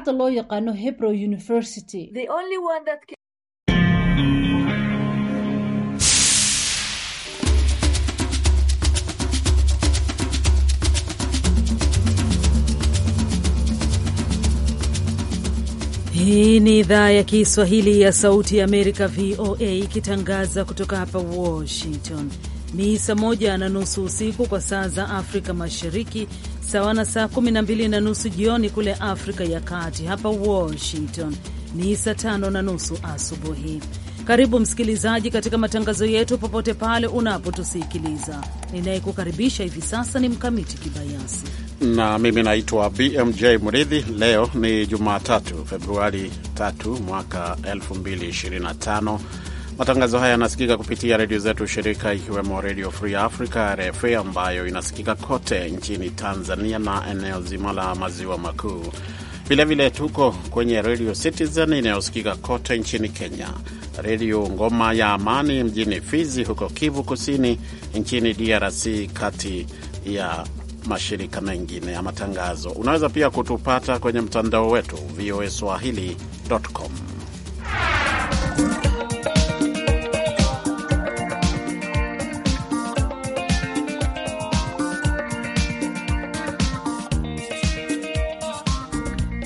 jaamacadda loo yaqaano hebro University. Hii ni idhaa ya Kiswahili ya Sauti ya Amerika, VOA, ikitangaza kutoka hapa Washington. Ni saa moja na nusu usiku kwa saa za Afrika Mashariki, sawa na saa kumi na mbili na nusu jioni kule Afrika ya Kati. Hapa Washington ni saa tano na nusu asubuhi. Karibu msikilizaji, katika matangazo yetu popote pale unapotusikiliza. Ninayekukaribisha hivi sasa ni Mkamiti Kibayasi na mimi naitwa BMJ Mridhi. Leo ni Jumatatu, Februari 3 mwaka 2025 Matangazo haya yanasikika kupitia redio zetu shirika, ikiwemo Redio Free Africa, RFA, ambayo inasikika kote nchini Tanzania na eneo zima la maziwa makuu. Vilevile tuko kwenye Redio Citizen inayosikika kote nchini Kenya, Redio Ngoma ya Amani mjini Fizi huko Kivu Kusini nchini DRC, kati ya mashirika mengine ya matangazo. Unaweza pia kutupata kwenye mtandao wetu voa swahili.com.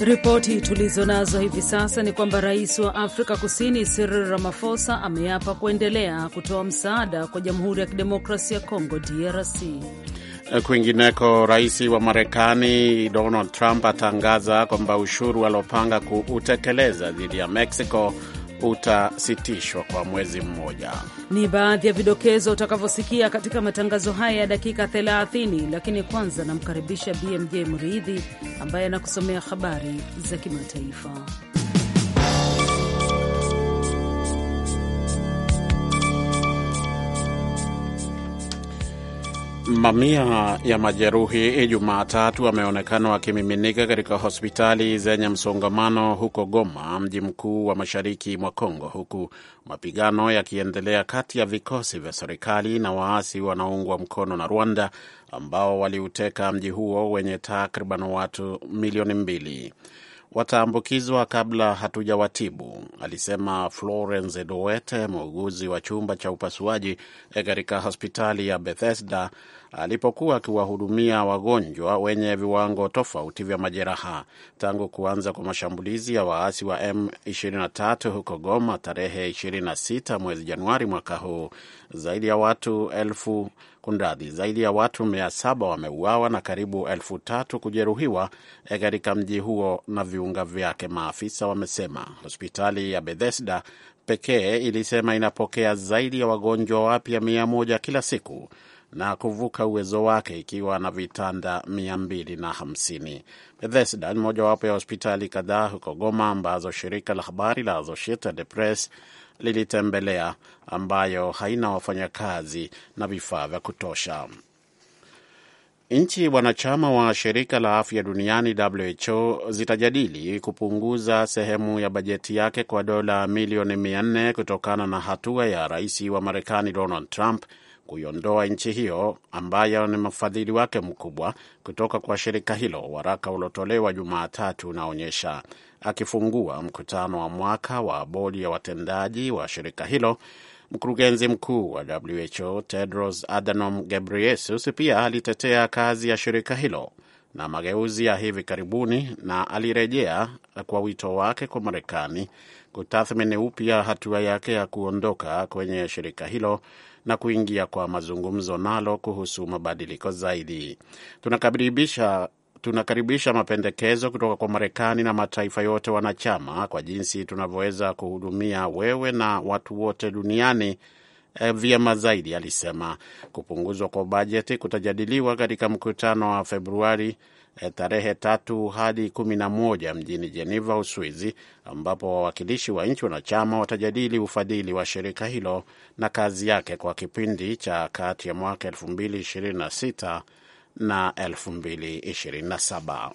Ripoti tulizo nazo hivi sasa ni kwamba rais wa Afrika Kusini Cyril Ramaphosa ameapa kuendelea kutoa msaada kwa Jamhuri ya Kidemokrasia ya Kongo, DRC. Kwingineko, rais wa Marekani Donald Trump atangaza kwamba ushuru alopanga kuutekeleza dhidi ya Mexico utasitishwa kwa mwezi mmoja. Ni baadhi ya vidokezo utakavyosikia katika matangazo haya ya dakika 30, lakini kwanza namkaribisha BMJ Mridhi ambaye anakusomea habari za kimataifa. Mamia ya majeruhi Jumatatu wameonekana wakimiminika katika hospitali zenye msongamano huko Goma, mji mkuu wa mashariki mwa Kongo, huku mapigano yakiendelea kati ya vikosi vya serikali na waasi wanaoungwa mkono na Rwanda ambao waliuteka mji huo wenye takriban watu milioni mbili. Wataambukizwa kabla hatujawatibu, alisema Florence Dowete, muuguzi wa chumba cha upasuaji katika hospitali ya Bethesda alipokuwa akiwahudumia wagonjwa wenye viwango tofauti vya majeraha. Tangu kuanza kwa mashambulizi ya waasi wa M23 huko Goma tarehe 26 mwezi Januari mwaka huu, zaidi ya watu elfu kundadhi zaidi ya watu mia saba wameuawa na karibu elfu tatu kujeruhiwa eh, katika mji huo na viunga vyake, maafisa wamesema. Hospitali ya Bethesda pekee ilisema inapokea zaidi ya wagonjwa wapya mia moja kila siku na kuvuka uwezo wake ikiwa na vitanda 250. Bethesda ni mojawapo ya hospitali kadhaa huko Goma ambazo shirika la habari la Associated Press lilitembelea, ambayo haina wafanyakazi na vifaa vya kutosha. Nchi wanachama wa shirika la afya duniani WHO zitajadili kupunguza sehemu ya bajeti yake kwa dola milioni 400 kutokana na hatua ya rais wa Marekani Donald Trump kuiondoa nchi hiyo ambayo ni mfadhili wake mkubwa kutoka kwa shirika hilo, waraka uliotolewa Jumatatu unaonyesha. Akifungua mkutano wa mwaka wa bodi ya watendaji wa shirika hilo, mkurugenzi mkuu wa WHO Tedros Adhanom Ghebreyesus pia alitetea kazi ya shirika hilo na mageuzi ya hivi karibuni, na alirejea kwa wito wake kwa Marekani kutathmini upya hatua yake ya kuondoka kwenye shirika hilo na kuingia kwa mazungumzo nalo kuhusu mabadiliko zaidi. Tunakaribisha tunakaribisha mapendekezo kutoka kwa Marekani na mataifa yote wanachama kwa jinsi tunavyoweza kuhudumia wewe na watu wote duniani eh, vyema zaidi, alisema. Kupunguzwa kwa bajeti kutajadiliwa katika mkutano wa Februari E, tarehe tatu hadi kumi na moja mjini Jeneva, Uswizi, ambapo wawakilishi wa nchi wanachama watajadili ufadhili wa shirika hilo na kazi yake kwa kipindi cha kati ya mwaka ishirini na saba.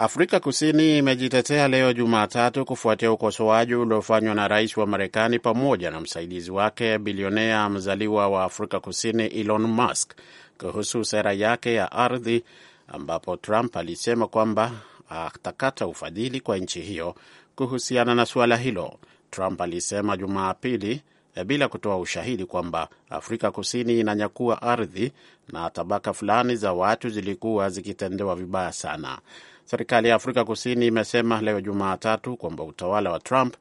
Afrika Kusini imejitetea leo Jumatatu kufuatia ukosoaji uliofanywa na rais wa Marekani pamoja na msaidizi wake bilionea mzaliwa wa Afrika Kusini Elon Musk kuhusu sera yake ya ardhi, ambapo Trump alisema kwamba atakata ufadhili kwa nchi hiyo kuhusiana na suala hilo. Trump alisema Jumapili eh, bila kutoa ushahidi kwamba Afrika Kusini inanyakua ardhi na tabaka fulani za watu zilikuwa zikitendewa vibaya sana. Serikali ya Afrika Kusini imesema leo Jumatatu kwamba utawala wa Trump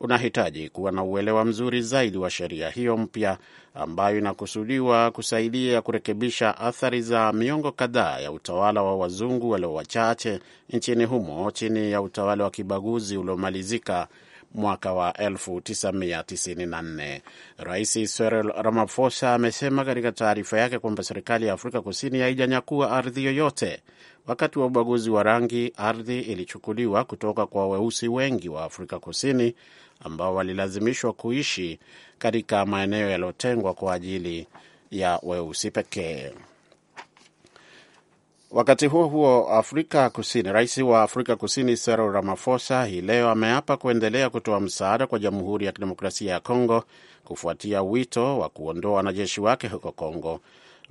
unahitaji kuwa na uelewa mzuri zaidi wa sheria hiyo mpya ambayo inakusudiwa kusaidia kurekebisha athari za miongo kadhaa ya utawala wa wazungu walio wachache nchini humo chini ya utawala wa kibaguzi uliomalizika mwaka wa 1994. Rais Cyril Ramaphosa amesema katika taarifa yake kwamba serikali ya Afrika Kusini haijanyakua ardhi yoyote Wakati wa ubaguzi wa rangi, ardhi ilichukuliwa kutoka kwa weusi wengi wa Afrika Kusini ambao walilazimishwa kuishi katika maeneo yaliyotengwa kwa ajili ya weusi pekee. Wakati huo huo, Afrika Kusini, rais wa Afrika Kusini Cyril Ramaphosa hii leo ameapa kuendelea kutoa msaada kwa Jamhuri ya Kidemokrasia ya Kongo kufuatia wito wa kuondoa wanajeshi wake huko Kongo,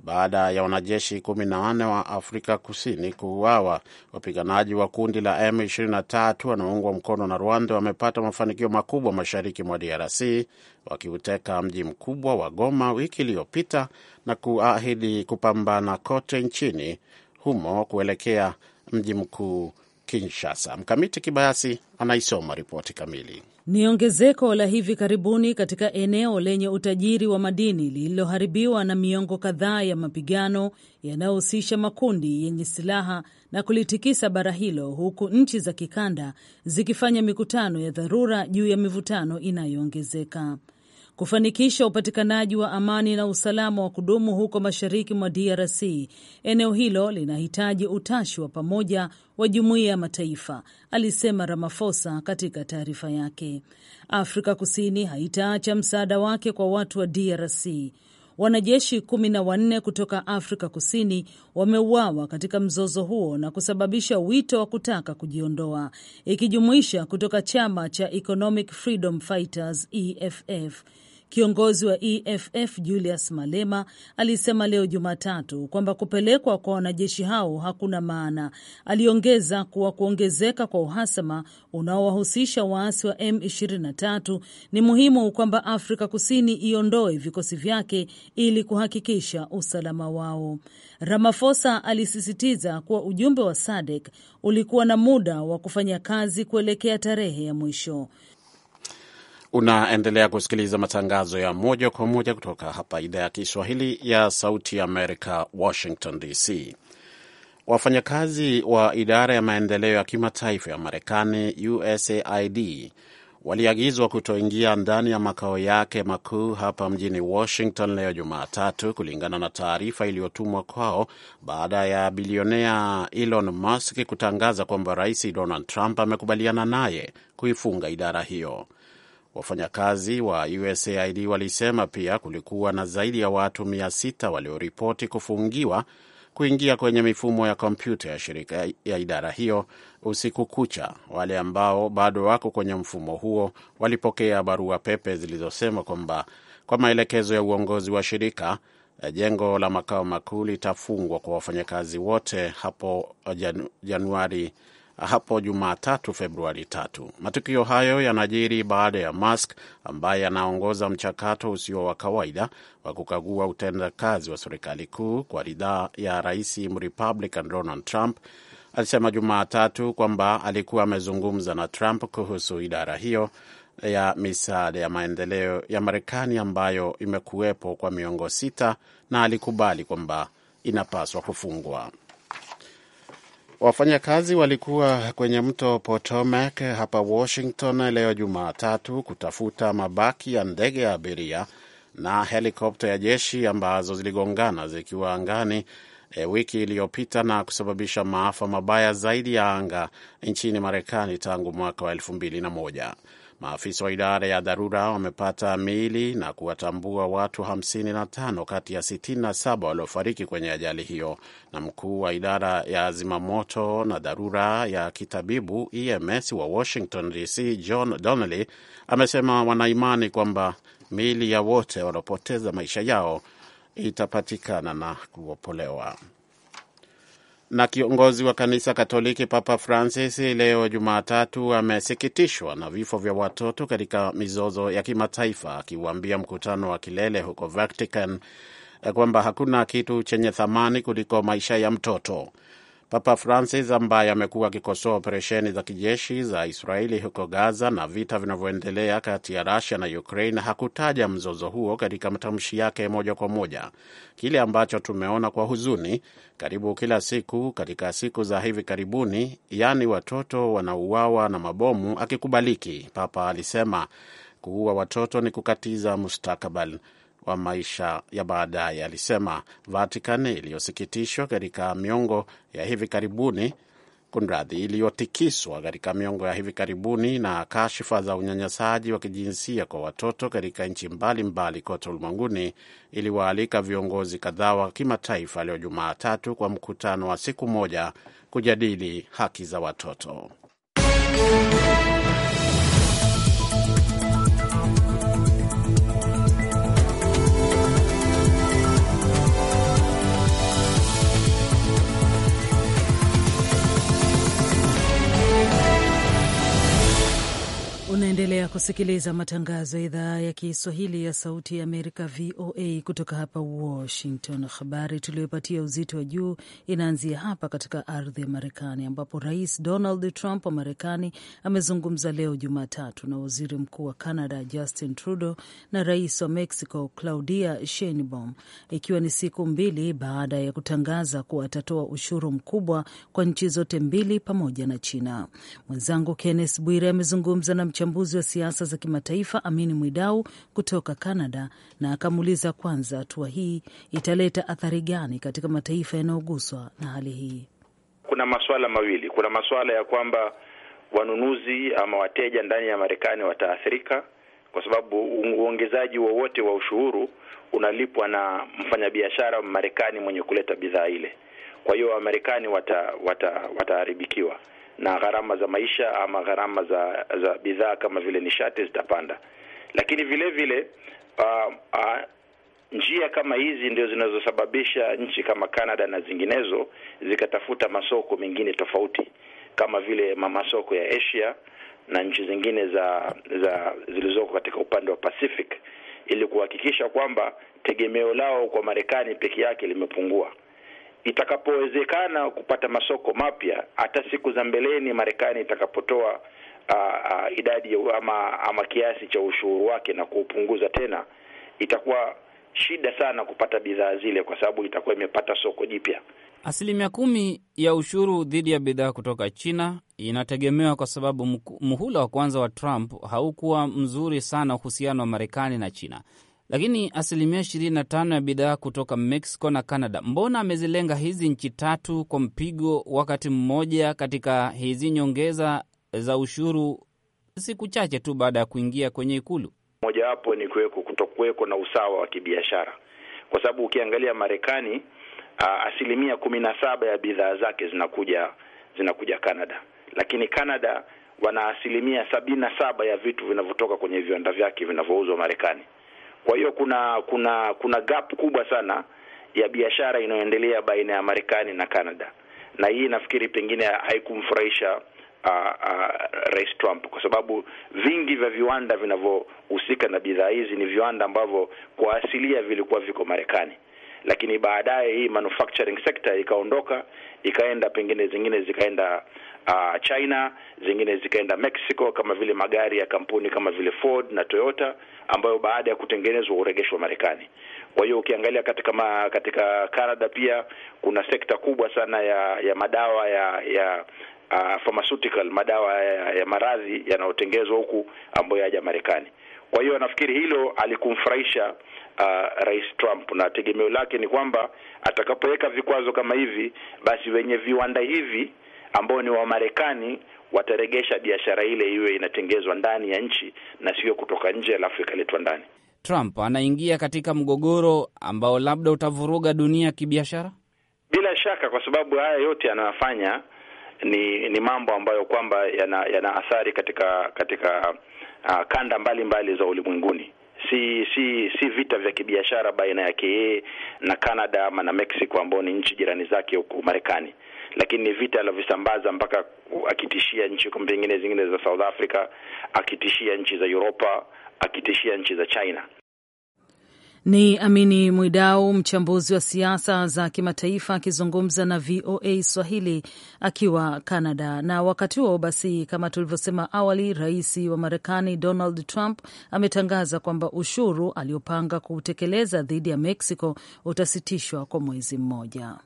baada ya wanajeshi kumi na wanne wa Afrika Kusini kuuawa. Wapiganaji wa kundi la M23 wanaoungwa mkono na Rwanda wamepata mafanikio makubwa mashariki mwa DRC wakiuteka mji mkubwa wa Goma wiki iliyopita na kuahidi kupambana kote nchini humo kuelekea mji mkuu Kinshasa. Mkamiti Kibayasi anaisoma ripoti kamili. Ni ongezeko la hivi karibuni katika eneo lenye utajiri wa madini lililoharibiwa na miongo kadhaa ya mapigano yanayohusisha makundi yenye silaha na kulitikisa bara hilo, huku nchi za kikanda zikifanya mikutano ya dharura juu ya mivutano inayoongezeka kufanikisha upatikanaji wa amani na usalama wa kudumu huko mashariki mwa DRC. Eneo hilo linahitaji utashi wa pamoja wa jumuiya ya mataifa, alisema Ramaphosa katika taarifa yake. Afrika Kusini haitaacha msaada wake kwa watu wa DRC. Wanajeshi kumi na wanne kutoka Afrika Kusini wameuawa katika mzozo huo na kusababisha wito wa kutaka kujiondoa, ikijumuisha kutoka chama cha Economic Freedom Fighters EFF. Kiongozi wa EFF Julius Malema alisema leo Jumatatu kwamba kupelekwa kwa wanajeshi hao hakuna maana. Aliongeza kuwa kuongezeka kwa uhasama unaowahusisha waasi wa M23 ni muhimu kwamba Afrika Kusini iondoe vikosi vyake ili kuhakikisha usalama wao. Ramaphosa alisisitiza kuwa ujumbe wa SADC ulikuwa na muda wa kufanya kazi kuelekea tarehe ya mwisho. Unaendelea kusikiliza matangazo ya moja kwa moja kutoka hapa idhaa ya Kiswahili ya Sauti ya Amerika, Washington DC. Wafanyakazi wa idara ya maendeleo ya kimataifa ya Marekani, USAID, waliagizwa kutoingia ndani ya makao yake makuu hapa mjini Washington leo Jumatatu, kulingana na taarifa iliyotumwa kwao baada ya bilionea Elon Musk kutangaza kwamba Rais Donald Trump amekubaliana naye kuifunga idara hiyo. Wafanyakazi wa USAID walisema pia kulikuwa na zaidi ya watu 6 walioripoti kufungiwa kuingia kwenye mifumo ya kompyuta ya shirika ya idara hiyo usiku kucha. Wale ambao bado wako kwenye mfumo huo walipokea barua pepe zilizosema kwamba kwa maelekezo ya uongozi wa shirika jengo la makao makuu litafungwa kwa wafanyakazi wote hapo Januari hapo Jumatatu, Februari tatu. Matukio hayo yanajiri baada ya Musk ambaye anaongoza mchakato usio wa kawaida wa kukagua utendakazi wa serikali kuu kwa ridhaa ya rais Mrepublican Donald Trump alisema Jumatatu kwamba alikuwa amezungumza na Trump kuhusu idara hiyo ya misaada ya maendeleo ya Marekani ambayo imekuwepo kwa miongo sita na alikubali kwamba inapaswa kufungwa. Wafanyakazi walikuwa kwenye mto Potomac hapa Washington leo Jumatatu kutafuta mabaki ya ndege ya abiria na helikopta ya jeshi ambazo ziligongana zikiwa angani e, wiki iliyopita na kusababisha maafa mabaya zaidi ya anga nchini Marekani tangu mwaka wa elfu mbili na moja. Maafisa wa idara ya dharura wamepata miili na kuwatambua watu 55 kati ya 67 waliofariki kwenye ajali hiyo, na mkuu wa idara ya zimamoto na dharura ya kitabibu EMS wa Washington DC, John Donnelly, amesema wanaimani kwamba miili ya wote waliopoteza maisha yao itapatikana na kuopolewa na kiongozi wa kanisa Katoliki Papa Francis leo Jumatatu amesikitishwa na vifo vya watoto katika mizozo ya kimataifa, akiuambia mkutano wa kilele huko Vatican eh, kwamba hakuna kitu chenye thamani kuliko maisha ya mtoto. Papa Francis ambaye amekuwa akikosoa operesheni za kijeshi za Israeli huko Gaza na vita vinavyoendelea kati ya Rusia na Ukraine hakutaja mzozo huo katika matamshi yake moja kwa moja, kile ambacho tumeona kwa huzuni karibu kila siku katika siku za hivi karibuni, yaani watoto wanauawa na mabomu, akikubaliki. Papa alisema kuua watoto ni kukatiza mustakabali wa maisha ya baadaye, alisema Vatican iliyosikitishwa katika miongo ya hivi karibuni kunradhi, iliyotikiswa katika miongo ya hivi karibuni na kashifa za unyanyasaji wa kijinsia kwa watoto katika nchi mbalimbali kote ulimwenguni, iliwaalika viongozi kadhaa wa kimataifa leo Jumatatu kwa mkutano wa siku moja kujadili haki za watoto. Unaendelea kusikiliza matangazo ya idhaa ya Kiswahili ya Sauti ya Amerika, VOA, kutoka hapa Washington. Habari tuliyopatia uzito wa juu inaanzia hapa katika ardhi ya Marekani, ambapo Rais Donald Trump wa Marekani amezungumza leo Jumatatu na waziri mkuu wa Canada Justin Trudeau na rais wa Mexico Claudia Sheinbaum, ikiwa ni siku mbili baada ya kutangaza kuwa atatoa ushuru mkubwa kwa nchi zote mbili pamoja na China. Mwenzangu Kenneth Bwire amezungumza na mchambuzi mchambuzi wa siasa za kimataifa Amini Mwidau kutoka Canada, na akamuuliza kwanza, hatua hii italeta athari gani katika mataifa yanayoguswa na hali hii? Kuna masuala mawili. Kuna masuala ya kwamba wanunuzi ama wateja ndani ya Marekani wataathirika kwa sababu uongezaji wowote wa, wa ushuru unalipwa na mfanyabiashara Marekani mwenye kuleta bidhaa ile. Kwa hiyo Wamarekani wataharibikiwa wata na gharama za maisha ama gharama za, za bidhaa kama vile nishati zitapanda, lakini vile vile uh, uh, njia kama hizi ndio zinazosababisha nchi kama Canada na zinginezo zikatafuta masoko mengine tofauti kama vile masoko ya Asia na nchi zingine za za zilizoko katika upande wa Pacific ili kuhakikisha kwamba tegemeo lao kwa Marekani peke yake limepungua itakapowezekana kupata masoko mapya, hata siku za mbeleni Marekani itakapotoa uh, uh, idadi ama, ama kiasi cha ushuru wake na kuupunguza tena, itakuwa shida sana kupata bidhaa zile, kwa sababu itakuwa imepata soko jipya. Asilimia kumi ya ushuru dhidi ya bidhaa kutoka China inategemewa kwa sababu muhula wa kwanza wa Trump haukuwa mzuri sana, uhusiano wa Marekani na China lakini asilimia 25 ya bidhaa kutoka Mexico na Canada. Mbona amezilenga hizi nchi tatu kwa mpigo wakati mmoja katika hizi nyongeza za ushuru, siku chache tu baada ya kuingia kwenye Ikulu? Mojawapo ni kuweko kutokuweko na usawa wa kibiashara, kwa sababu ukiangalia Marekani asilimia kumi na saba ya bidhaa zake zinakuja zinakuja Canada, lakini Canada wana asilimia sabini na saba ya vitu vinavyotoka kwenye viwanda vyake vinavyouzwa Marekani. Kwa hiyo kuna kuna kuna gap kubwa sana ya biashara inayoendelea baina ya Marekani na Canada, na hii nafikiri pengine haikumfurahisha Uh, uh, Rais Trump kwa sababu vingi vya viwanda vinavyohusika na bidhaa hizi ni viwanda ambavyo kwa asilia vilikuwa viko Marekani lakini baadaye hii manufacturing sector ikaondoka ikaenda pengine zingine zikaenda uh, China, zingine zikaenda Mexico, kama vile magari ya kampuni kama vile Ford na Toyota ambayo baada ya kutengenezwa huregeshwa Marekani. Kwa hiyo ukiangalia katika ma, katika Canada pia kuna sekta kubwa sana ya ya madawa ya ya uh, pharmaceutical madawa ya, ya maradhi yanayotengenezwa huku ambayo yaja Marekani. Kwa hiyo nafikiri hilo alikumfurahisha uh, Rais Trump, na tegemeo lake ni kwamba atakapoweka vikwazo kama hivi, basi wenye viwanda hivi ambao ni Wamarekani wataregesha biashara ile iwe inatengezwa ndani ya nchi na sio kutoka nje alafu ikaletwa ndani. Trump anaingia katika mgogoro ambao labda utavuruga dunia kibiashara bila shaka, kwa sababu haya yote anayofanya ni ni mambo ambayo kwamba yana, yana athari katika katika uh, kanda mbalimbali mbali za ulimwenguni si si si vita vya kibiashara baina yake yeye na Canada ama na Mexico ambao ni nchi jirani zake huku Marekani, lakini ni vita alivyosambaza mpaka akitishia nchi pengine zingine za South Africa, akitishia nchi za Europa, akitishia nchi za China. Ni Amini Mwidau, mchambuzi wa siasa za kimataifa, akizungumza na VOA Swahili akiwa Canada. Na wakati huo basi, kama tulivyosema awali, rais wa Marekani Donald Trump ametangaza kwamba ushuru aliopanga kuutekeleza dhidi ya Mexico utasitishwa kwa mwezi mmoja.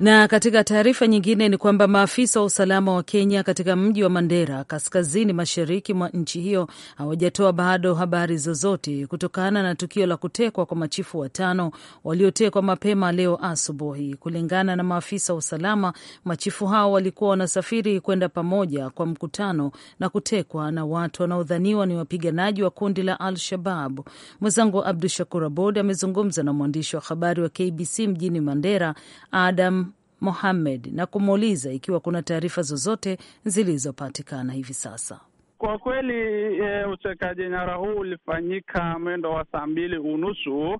Na katika taarifa nyingine ni kwamba maafisa wa usalama wa Kenya katika mji wa Mandera, kaskazini mashariki mwa nchi hiyo, hawajatoa bado habari zozote kutokana na tukio la kutekwa kwa machifu watano waliotekwa mapema leo asubuhi. Kulingana na maafisa wa usalama, machifu hao walikuwa wanasafiri kwenda pamoja kwa mkutano na kutekwa na watu wanaodhaniwa ni wapiganaji wa kundi la Al Shabab. Mwenzangu Abdu Shakur Abod amezungumza na mwandishi wa habari wa KBC mjini Mandera, Adam Mohamed na kumuuliza ikiwa kuna taarifa zozote zilizopatikana hivi sasa. Kwa kweli e, eh, utekaji nyara huu ulifanyika mwendo wa saa mbili unusu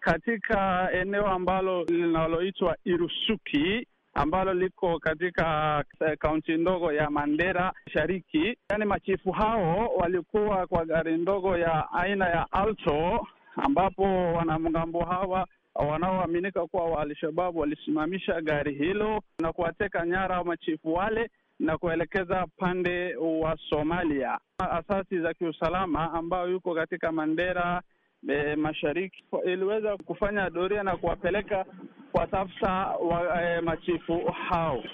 katika eneo ambalo linaloitwa Irusuki ambalo liko katika eh, kaunti ndogo ya Mandera Mashariki. Yaani, machifu hao walikuwa kwa gari ndogo ya aina ya Alto, ambapo wanamgambo hawa wanaoaminika kuwa wa Alshababu walisimamisha gari hilo na kuwateka nyara machifu wale na kuelekeza pande wa Somalia. Asasi za kiusalama ambayo yuko katika Mandera e, mashariki iliweza kufanya doria na kuwapeleka tafsa wa, e, machifu hao.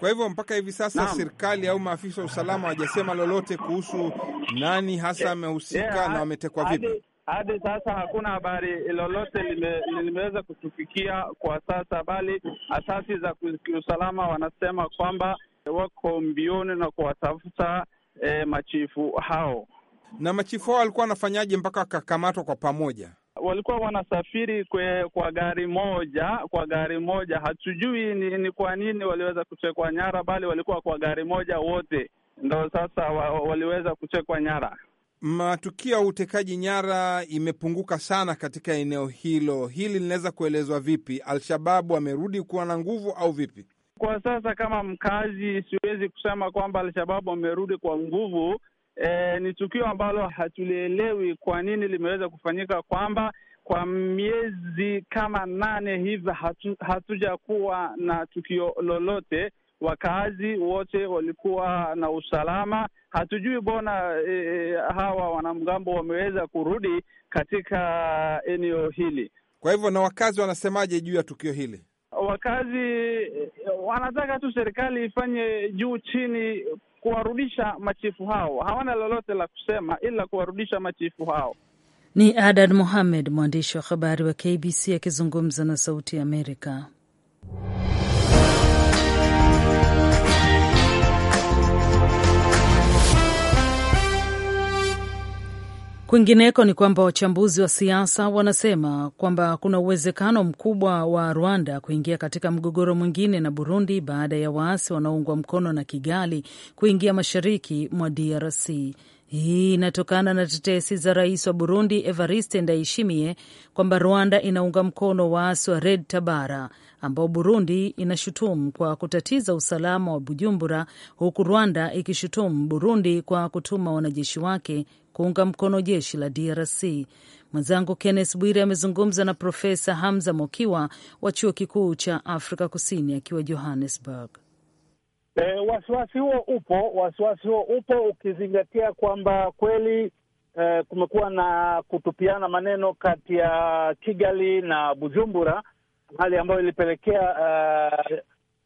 Kwa hivyo mpaka hivi sasa serikali au maafisa wa usalama hawajasema lolote kuhusu nani hasa amehusika, yeah, na wametekwa vipi? Hadi sasa hakuna habari lolote lime, limeweza kutufikia kwa sasa, bali asasi za kiusalama wanasema kwamba wako mbioni na kuwatafuta e, machifu hao. Na machifu hao walikuwa wanafanyaje mpaka wakakamatwa kwa pamoja? Walikuwa wanasafiri kwe, kwa gari moja kwa gari moja. Hatujui ni, ni kwa nini waliweza kutekwa nyara, bali walikuwa kwa gari moja wote, ndo sasa wa, waliweza kutekwa nyara matukio ya utekaji nyara imepunguka sana katika eneo hilo. Hili linaweza kuelezwa vipi? Alshababu amerudi kuwa na nguvu au vipi? Kwa sasa kama mkazi, siwezi kusema kwamba Alshababu amerudi kwa nguvu. E, ni tukio ambalo hatulielewi kwa nini limeweza kufanyika, kwamba kwa miezi kama nane hivi hatu, kuwa na tukio lolote. Wakazi wote walikuwa na usalama Hatujui bona e, e, hawa wanamgambo wameweza kurudi katika eneo hili. Kwa hivyo na wakazi wanasemaje juu ya tukio hili? Wakazi e, wanataka tu serikali ifanye juu chini kuwarudisha machifu hao. Hawana lolote la kusema ila kuwarudisha machifu hao. Ni Adad muhamed mwandishi wa habari wa KBC akizungumza na Sauti ya Amerika. Kwingineko ni kwamba wachambuzi wa siasa wanasema kwamba kuna uwezekano mkubwa wa Rwanda kuingia katika mgogoro mwingine na Burundi baada ya waasi wanaoungwa mkono na Kigali kuingia mashariki mwa DRC. Hii inatokana na tetesi za rais wa Burundi Evariste Ndayishimiye kwamba Rwanda inaunga mkono waasi wa Red Tabara ambao Burundi inashutumu kwa kutatiza usalama wa Bujumbura, huku Rwanda ikishutumu Burundi kwa kutuma wanajeshi wake kuunga mkono jeshi la DRC. Mwenzangu Kenneth Bwire amezungumza na Profesa Hamza Mokiwa wa chuo kikuu cha Afrika Kusini akiwa Johannesburg. E, wasiwasi huo upo, wasiwasi huo upo ukizingatia kwamba kweli e, kumekuwa na kutupiana maneno kati ya Kigali na Bujumbura, hali ambayo ilipelekea e,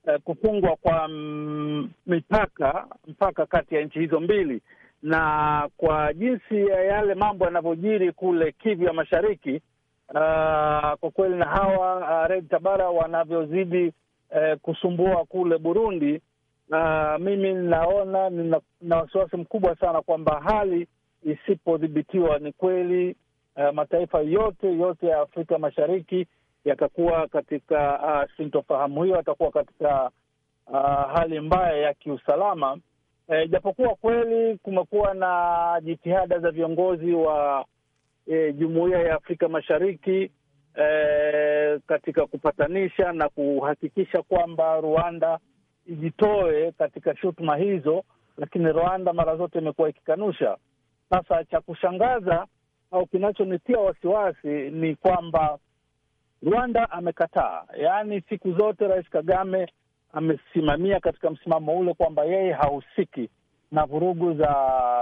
e, kufungwa kwa mm, mipaka mpaka kati ya nchi hizo mbili, na kwa jinsi ya yale mambo yanavyojiri kule Kivu ya Mashariki, Uh, kwa kweli na hawa uh, Red Tabara wanavyozidi uh, kusumbua kule Burundi na mimi ninaona nina wasiwasi mkubwa sana kwamba hali isipodhibitiwa, ni kweli uh, mataifa yote yote ya Afrika Mashariki yatakuwa katika uh, sintofahamu hiyo, yatakuwa katika uh, hali mbaya ya kiusalama. E, kweli kumekuwa na jitihada za viongozi wa e, Jumuiya ya Afrika Mashariki e, katika kupatanisha na kuhakikisha kwamba Rwanda ijitoe katika shutuma hizo, lakini Rwanda mara zote imekuwa ikikanusha. Sasa cha kushangaza au kinachonitia wasiwasi ni kwamba Rwanda amekataa, yaani siku zote Rais Kagame amesimamia katika msimamo ule kwamba yeye hahusiki na vurugu za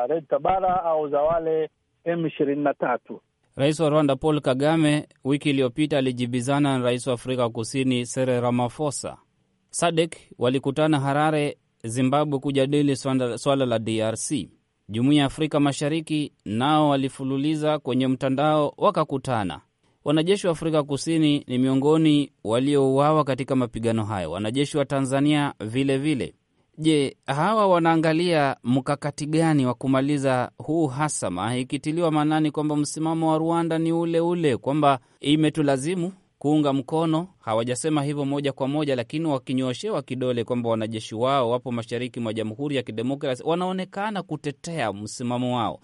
Red Tabara au za wale M ishirini na tatu. Rais wa Rwanda Paul Kagame wiki iliyopita alijibizana na rais wa Afrika Kusini Cyril Ramaphosa SADC walikutana Harare, Zimbabwe kujadili swala la DRC. Jumuiya ya Afrika Mashariki nao walifululiza kwenye mtandao wakakutana. Wanajeshi wa Afrika Kusini ni miongoni waliouawa katika mapigano hayo, wanajeshi wa Tanzania vilevile vile. Je, hawa wanaangalia mkakati gani wa kumaliza huu hasama, ikitiliwa maanani kwamba msimamo wa Rwanda ni ule ule, kwamba imetulazimu kuunga mkono. Hawajasema hivyo moja kwa moja, lakini wakinyoshewa kidole kwamba wanajeshi wao wapo mashariki mwa Jamhuri ya Kidemokrasi, wanaonekana kutetea msimamo wao,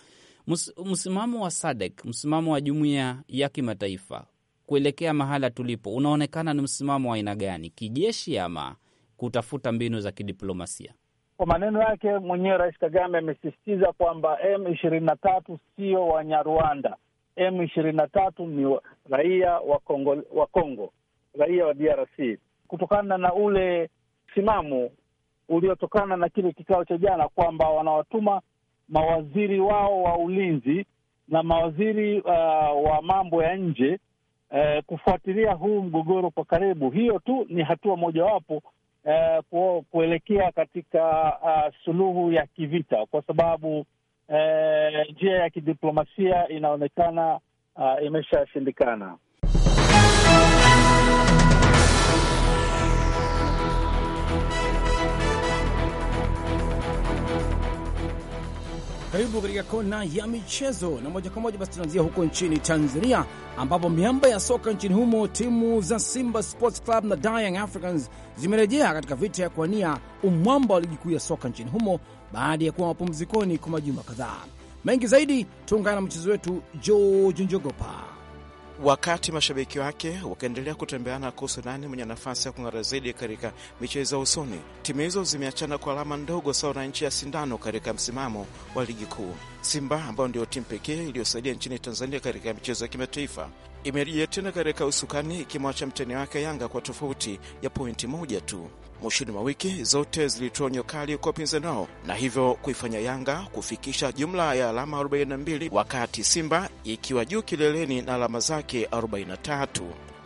msimamo wa SADC, msimamo wa jumuiya ya kimataifa kuelekea mahala tulipo. Unaonekana ni msimamo wa aina gani, kijeshi ama kutafuta mbinu za kidiplomasia? Kwa maneno yake mwenyewe Rais Kagame amesisitiza kwamba M ishirini na tatu sio Wanyarwanda, M ishirini na tatu ni raia wa Kongo, wa Kongo, raia wa DRC, kutokana na ule msimamo uliotokana na kile kikao cha jana kwamba wanawatuma mawaziri wao wa ulinzi na mawaziri uh, wa mambo ya nje uh, kufuatilia huu mgogoro kwa karibu. Hiyo tu ni hatua mojawapo uh, kuelekea katika uh, suluhu ya kivita, kwa sababu eh, njia ya kidiplomasia inaonekana uh, imeshashindikana. Karibu katika kona ya michezo na moja kwa moja basi, tunaanzia huko nchini Tanzania ambapo miamba ya soka nchini humo, timu za Simba Sports Club na Young Africans zimerejea katika vita ya kuwania umwamba wa ligi kuu ya soka nchini humo baada ya kuwa mapumzikoni kwa majuma kadhaa. Mengi zaidi, tuungana na mchezo wetu George Njogopa. Wakati mashabiki wake wakiendelea kutembeana kuhusu nani mwenye nafasi ya kung'ara zaidi katika michezo ya usoni, timu hizo zimeachana kwa alama ndogo sawa na nchi ya sindano katika msimamo wa ligi kuu. Simba ambayo ndio timu pekee iliyosaidia nchini Tanzania katika michezo ya kimataifa imerejea tena katika usukani ikimwacha mtani wake Yanga kwa tofauti ya pointi moja tu mwishoni mwa wiki zote zilitoa onyo kali kwa upinzani wao na hivyo kuifanya Yanga kufikisha jumla ya alama 42 wakati Simba ikiwa juu kileleni na alama zake 43.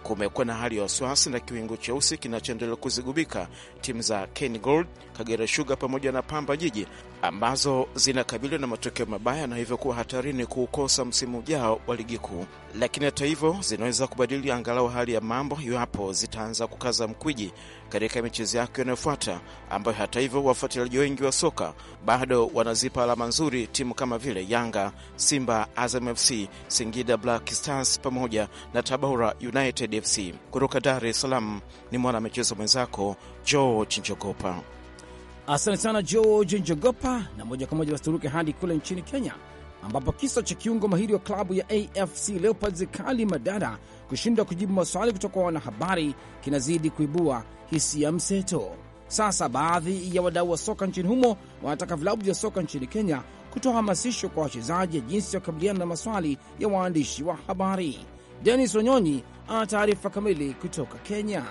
Kumekuwa na hali ya wasiwasi na kiwingu cheusi kinachoendelea kuzigubika timu za Ken Gold, Kagera Sugar pamoja na Pamba Jiji ambazo zinakabiliwa na matokeo mabaya na hivyo kuwa hatarini kuukosa msimu ujao wa ligi kuu. Lakini hata hivyo zinaweza kubadili angalau hali ya mambo iwapo zitaanza kukaza mkwiji katika michezo yake inayofuata, ambayo hata hivyo wafuatiliaji wengi wa soka bado wanazipa alama nzuri timu kama vile Yanga, Simba, Azam FC, Singida Black Stars pamoja na Tabora United FC. Kutoka Dar es Salaam ni mwanamichezo mwenzako George Njogopa. Asante sana George Njogopa, na moja kwa moja wasituruke hadi kule nchini Kenya ambapo kisa cha kiungo mahiri wa klabu ya AFC Leopards Kali Madara kushindwa kujibu maswali kutoka kwa wanahabari kinazidi kuibua hisia mseto. Sasa baadhi ya wadau wa soka nchini humo wanataka vilabu vya soka nchini Kenya kutoa hamasisho kwa wachezaji ya jinsi ya kukabiliana na maswali ya waandishi wa habari. Denis Wanyonyi ana taarifa kamili kutoka Kenya.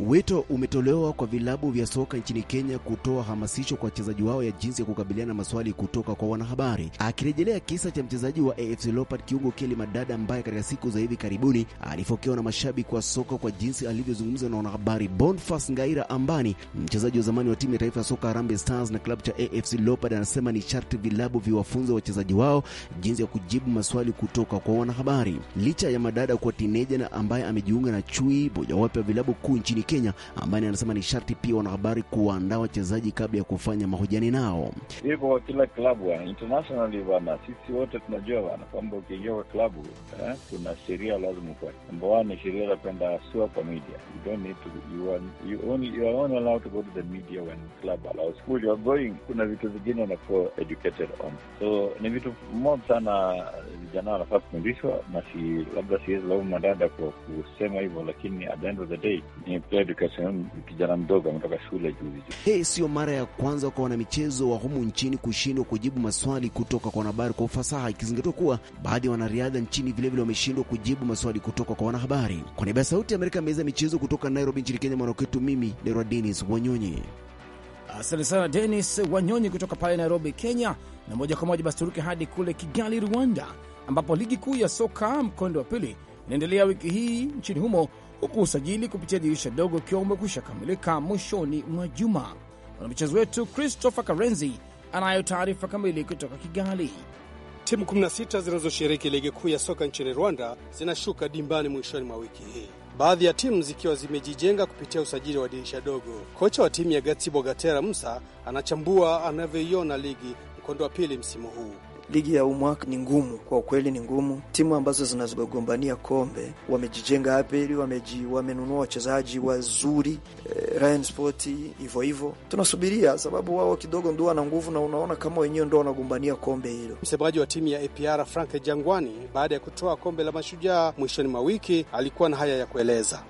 Wito umetolewa kwa vilabu vya soka nchini Kenya kutoa hamasisho kwa wachezaji wao ya jinsi ya kukabiliana na maswali kutoka kwa wanahabari, akirejelea kisa cha mchezaji wa AFC Leopards kiungo keli Madada ambaye katika siku za hivi karibuni alifokewa na mashabiki wa soka kwa jinsi alivyozungumza na wanahabari. Bonfas Ngaira Ambani, mchezaji wa zamani wa timu ya taifa ya soka Harambee Stars na klabu cha AFC Leopards, anasema ni sharti vilabu viwafunze wachezaji wao jinsi ya kujibu maswali kutoka kwa wanahabari, licha ya Madada kuwa tineja na ambaye amejiunga na chui, mojawapo ya vilabu kuu nchini Kenya, ambaye anasema ni sharti pia wanahabari kuwaandaa wachezaji kabla ya kufanya mahojiano nao. Hivyo kila klabu eh, internationally, bana, sisi wote tunajua bana kwamba ukiingia kwa klabu eh, kuna sheria lazima ufuate. Namba one ni sheria za kwenda sua kwa media, you don't need to you are, you only you are only allowed to go to the media when club allows School you are going. Kuna vitu vingine unakuwa educated on, so ni vitu mob sana vijana wanafaa kufundishwa, na si labda siwezi lau madada kwa kusema hivyo, lakini at the end of the day ni pia education. Kijana mdogo ametoka shule juzi. Hii siyo mara ya kwanza kwa wanamichezo wa humu nchini kushindwa kujibu maswali kutoka kwa wanahabari kwa ufasaha, ikizingatiwa kuwa baadhi ya wanariadha nchini vilevile wameshindwa kujibu maswali kutoka kwa wanahabari. Kwa niaba ya Sauti ya Amerika, meza michezo kutoka Nairobi nchini Kenya, mwanakwetu mimi Derwa Denis Wanyonyi. Asante sana Denis Wanyonyi kutoka pale Nairobi, Kenya. Na moja kwa moja basi turuke hadi kule Kigali, Rwanda, ambapo ligi kuu ya soka mkondo wa pili inaendelea wiki hii nchini humo, huku usajili kupitia dirisha dogo ukiwa umekwisha kamilika mwishoni mwa juma. Mwanamichezo wetu Christopher Karenzi anayo taarifa kamili kutoka Kigali. Timu 16 zinazoshiriki ligi kuu ya soka nchini Rwanda zinashuka dimbani mwishoni mwa wiki hii, baadhi ya timu zikiwa zimejijenga kupitia usajili wa dirisha dogo. Kocha wa timu ya Gatsibo Gatera Musa anachambua anavyoiona ligi mkondo wa pili msimu huu ligi ya umwaka ni ngumu, kwa ukweli ni ngumu. Timu ambazo zinazogombania kombe wamejijenga apeli wameji wamenunua wachezaji wazuri e, eh, Ryan Sport hivyo hivyo. Tunasubiria sababu wao kidogo ndio wana nguvu, na unaona kama wenyewe ndio wanagombania kombe hilo. Msemaji wa timu ya APR Frank Jangwani, baada ya kutoa kombe la mashujaa mwishoni mwa wiki, alikuwa na haya ya kueleza: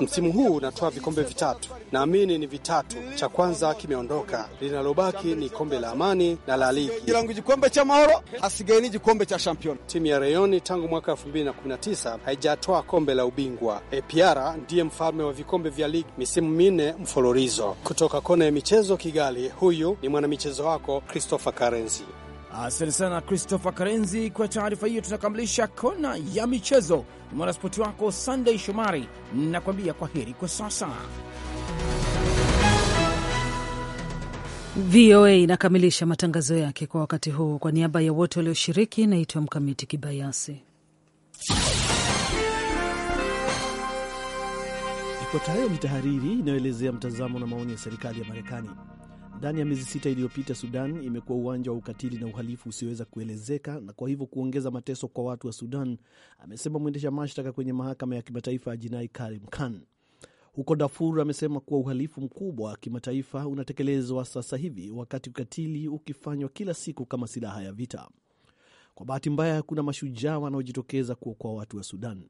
msimu huu unatoa vikombe vitatu, naamini ni vitatu. Cha kwanza kimeondoka, linalobaki ni kombe la amani na la kugira ngo igikombe cy'amahoro asigaye n'igikombe cha shampiyona. Timu ya Rayoni tangu mwaka 2019 haijatoa kombe la ubingwa. APR ndiye mfalme wa vikombe vya ligi misimu minne mfululizo. Kutoka kona ya michezo Kigali, huyu ni mwanamichezo wako Christopher Karenzi. Asante sana Christopher Karenzi kwa taarifa hiyo. Tunakamilisha kona ya michezo. Mwanaspoti wako Sunday Shomari nakwambia kwa heri kwa sasa. VOA inakamilisha matangazo yake kwa wakati huu. Kwa niaba ya wote walioshiriki, naitwa Mkamiti Kibayasi. Ifuatayo ni tahariri inayoelezea mtazamo na maoni ya serikali ya Marekani. Ndani ya miezi sita iliyopita, Sudan imekuwa uwanja wa ukatili na uhalifu usioweza kuelezeka na kwa hivyo kuongeza mateso kwa watu wa Sudan, amesema mwendesha mashtaka kwenye mahakama ya kimataifa ya jinai Karim Khan huko Darfur amesema kuwa uhalifu mkubwa wa kimataifa unatekelezwa sasa hivi, wakati ukatili ukifanywa kila siku kama silaha ya vita. Kwa bahati mbaya, kuna mashujaa wanaojitokeza kuokoa watu wa Sudan.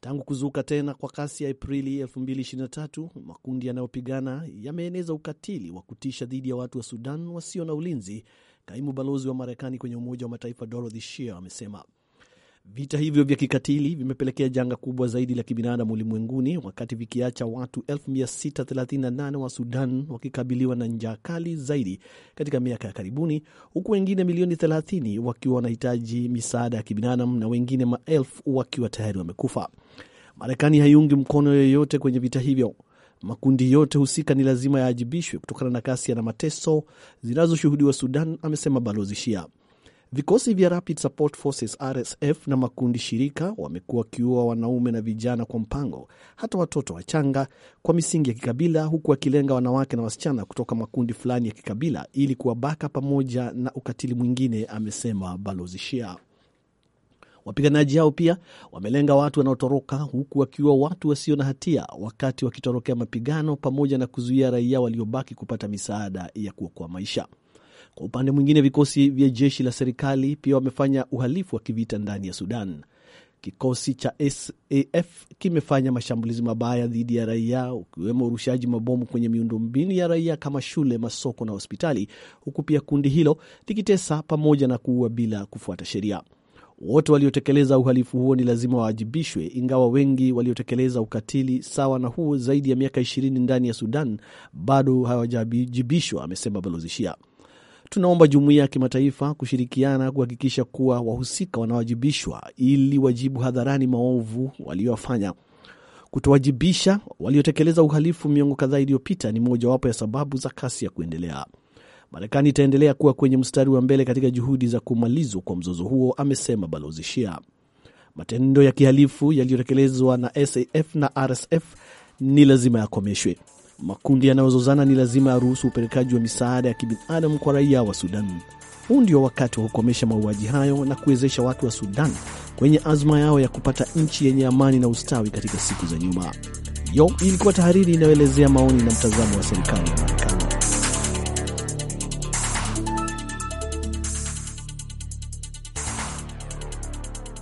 Tangu kuzuka tena kwa kasi ya Aprili 2023 makundi yanayopigana yameeneza ukatili wa kutisha dhidi ya watu wa Sudan wasio na ulinzi, kaimu balozi wa Marekani kwenye Umoja wa Mataifa Dorothy Shea amesema. Vita hivyo vya kikatili vimepelekea janga kubwa zaidi la kibinadamu ulimwenguni, wakati vikiacha watu 638 wa Sudan wakikabiliwa na njaa kali zaidi katika miaka ya karibuni, huku wengine milioni 30 wakiwa wanahitaji misaada ya kibinadamu na wengine maelfu wakiwa tayari wamekufa. Marekani haiungi mkono yoyote kwenye vita hivyo. Makundi yote husika ni lazima yaajibishwe kutokana na kasi na mateso zinazoshuhudiwa Sudan, amesema Balozi Shia. Vikosi vya Rapid Support Forces RSF na makundi shirika wamekuwa wakiua wanaume na vijana kwa mpango, hata watoto wachanga kwa misingi ya kikabila, huku wakilenga wanawake na wasichana kutoka makundi fulani ya kikabila ili kuwabaka, pamoja na ukatili mwingine, amesema Balozi Shia. Wapiganaji hao pia wamelenga watu wanaotoroka huku wakiua watu wasio na hatia wakati wakitorokea mapigano, pamoja na kuzuia raia waliobaki kupata misaada ya kuokoa maisha. Kwa upande mwingine, vikosi vya jeshi la serikali pia wamefanya uhalifu wa kivita ndani ya Sudan. Kikosi cha SAF kimefanya mashambulizi mabaya dhidi ya raia, ukiwemo urushaji mabomu kwenye miundombinu ya raia kama shule, masoko na hospitali, huku pia kundi hilo likitesa pamoja na kuua bila kufuata sheria. Wote waliotekeleza uhalifu huo ni lazima waajibishwe, ingawa wengi waliotekeleza ukatili sawa na huo zaidi ya miaka ishirini ndani ya Sudan bado hawajajibishwa, amesema Balozi Shia. Tunaomba jumuiya ya kimataifa kushirikiana kuhakikisha kuwa wahusika wanawajibishwa ili wajibu hadharani maovu waliyofanya. Kutowajibisha waliotekeleza uhalifu miongo kadhaa iliyopita ni mojawapo ya sababu za kasi ya kuendelea. Marekani itaendelea kuwa kwenye mstari wa mbele katika juhudi za kumalizwa kwa mzozo huo, amesema Balozi Shia. Matendo ya kihalifu yaliyotekelezwa na SAF na RSF ni lazima yakomeshwe. Makundi yanayozozana ni lazima yaruhusu upelekaji wa misaada ya kibinadamu kwa raia wa Sudan. Huu ndio wakati wa kukomesha mauaji hayo na kuwezesha watu wa Sudan kwenye azma yao ya kupata nchi yenye amani na ustawi katika siku za nyuma. Yo ilikuwa tahariri inayoelezea maoni na mtazamo wa serikali ya Marekani.